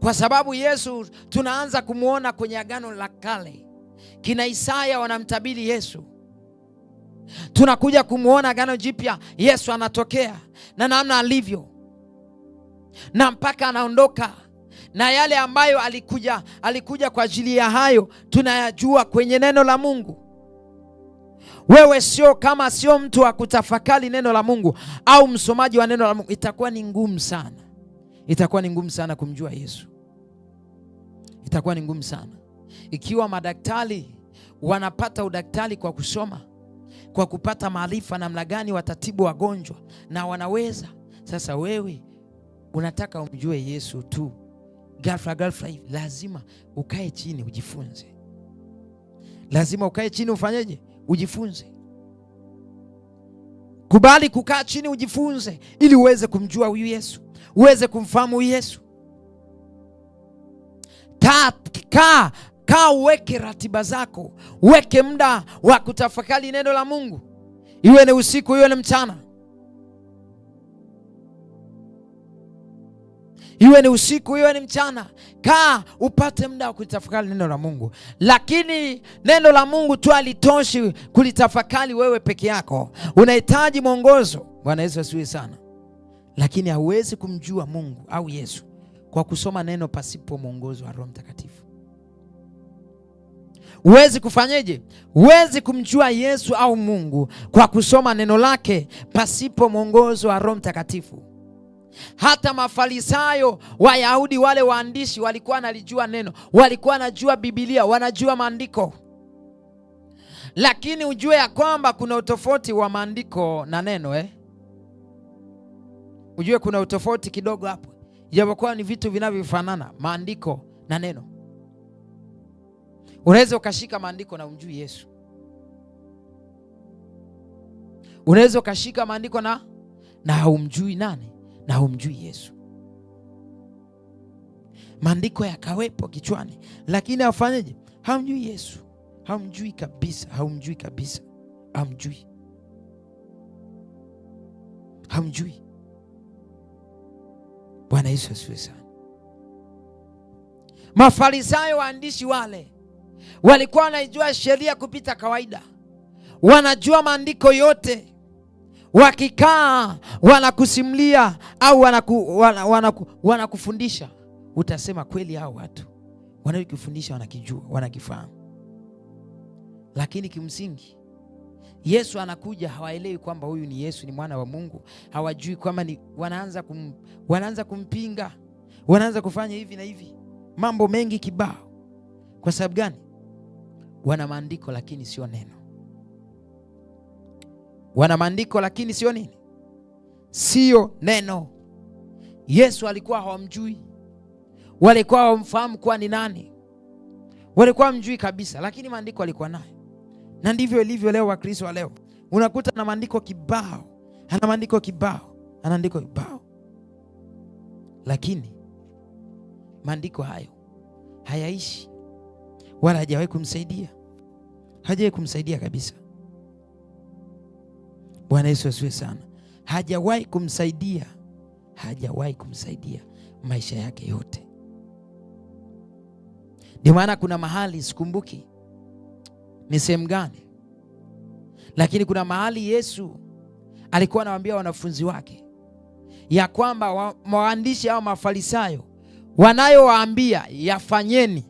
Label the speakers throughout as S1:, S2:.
S1: kwa sababu Yesu tunaanza kumwona kwenye Agano la Kale. Kina Isaya wanamtabiri Yesu, tunakuja kumwona Agano Jipya, Yesu anatokea na namna alivyo na mpaka anaondoka na yale ambayo alikuja, alikuja kwa ajili ya hayo tunayajua kwenye neno la Mungu. Wewe sio kama sio mtu wa kutafakari neno la Mungu au msomaji wa neno la Mungu, itakuwa ni ngumu sana itakuwa ni ngumu sana kumjua Yesu, itakuwa ni ngumu sana. Ikiwa madaktari wanapata udaktari kwa kusoma, kwa kupata maarifa namna gani watatibu wagonjwa na wanaweza, sasa wewe unataka umjue Yesu tu ghafla ghafla hivi, lazima ukae chini ujifunze, lazima ukae chini ufanyeje? Ujifunze. Kubali kukaa chini ujifunze, ili uweze kumjua huyu Yesu uweze kumfahamu Yesu. Kaa ka, uweke ratiba zako, uweke muda wa kutafakari neno la Mungu, iwe ni usiku, iwe ni mchana, iwe ni usiku, iwe ni mchana. Kaa upate muda wa kulitafakari neno la Mungu, lakini neno la Mungu tu halitoshi kulitafakari wewe peke yako, unahitaji mwongozo. Bwana Yesu asifiwe sana lakini hauwezi kumjua Mungu au Yesu kwa kusoma neno pasipo mwongozo wa Roho Mtakatifu. Huwezi kufanyeje? Huwezi kumjua Yesu au Mungu kwa kusoma neno lake pasipo mwongozo wa Roho Mtakatifu. Hata Mafarisayo, Wayahudi, wale waandishi walikuwa wanalijua neno, walikuwa wanajua Biblia, wanajua maandiko, lakini ujue ya kwamba kuna utofauti wa maandiko na neno eh? ujue kuna utofauti kidogo hapo, ijapokuwa ni vitu vinavyofanana, maandiko na neno. Unaweza ukashika maandiko na umjui Yesu, unaweza ukashika maandiko na na haumjui nani na haumjui Yesu. Maandiko yakawepo kichwani, lakini afanyeje? Hamjui Yesu, hamjui kabisa, haumjui kabisa, hamjui, hamjui Bwana Yesu asifiwe sana. Mafarisayo waandishi wale walikuwa wanaijua sheria kupita kawaida, wanajua maandiko yote. Wakikaa wanakusimulia au wanaku, wana, wana, wanakufundisha, utasema kweli hao watu wanakifundisha wanakijua, wanakifahamu, lakini kimsingi Yesu anakuja, hawaelewi kwamba huyu ni Yesu, ni mwana wa Mungu. Hawajui kwamba ni wanaanza, kum, wanaanza kumpinga, wanaanza kufanya hivi na hivi, mambo mengi kibao. Kwa sababu gani? Wana maandiko lakini sio neno, wana maandiko lakini sio nini, sio neno. Yesu alikuwa hawamjui, walikuwa hawamfahamu kuwa ni nani, walikuwa hawamjui kabisa, lakini maandiko alikuwa nayo na ndivyo ilivyo leo Wakristo wa leo, unakuta ana maandiko kibao, ana maandiko kibao, ana maandiko kibao, lakini maandiko hayo hayaishi wala hajawahi kumsaidia, hajawahi kumsaidia kabisa. Bwana Yesu asiwe sana, hajawahi kumsaidia, hajawahi kumsaidia maisha yake yote. Ndio maana kuna mahali sikumbuki ni sehemu gani, lakini kuna mahali Yesu alikuwa anawaambia wanafunzi wake ya kwamba wa, waandishi au mafarisayo wanayowaambia yafanyeni,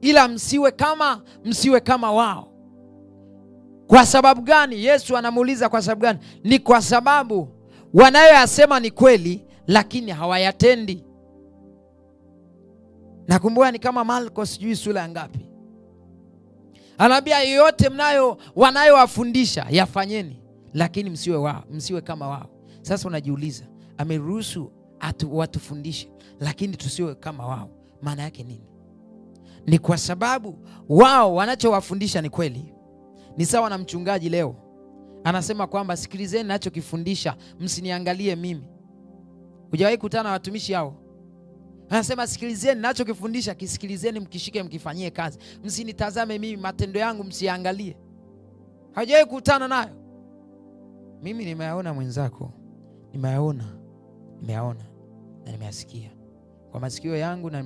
S1: ila msiwe kama msiwe kama wao. Kwa sababu gani? Yesu anamuuliza kwa sababu gani? Ni kwa sababu wanayoyasema ni kweli, lakini hawayatendi. Nakumbuka ni kama Marko sijui sura ya ngapi Anaambia yoyote mnayo wanayowafundisha yafanyeni, lakini msiwe wao, msiwe kama wao. Sasa unajiuliza, ameruhusu watufundishe lakini tusiwe kama wao, maana yake nini? Ni kwa sababu wao wanachowafundisha ni kweli. Ni sawa na mchungaji leo anasema kwamba sikilizeni nachokifundisha, msiniangalie mimi. Hujawahi kutana na watumishi hao Anasema sikilizeni nachokifundisha, kisikilizeni, mkishike, mkifanyie kazi, msinitazame mimi, matendo yangu msiangalie. Hajawahi kukutana nayo. Mimi nimeyaona, mwenzako nimeyaona, nimeyaona na nimeyasikia kwa masikio yangu na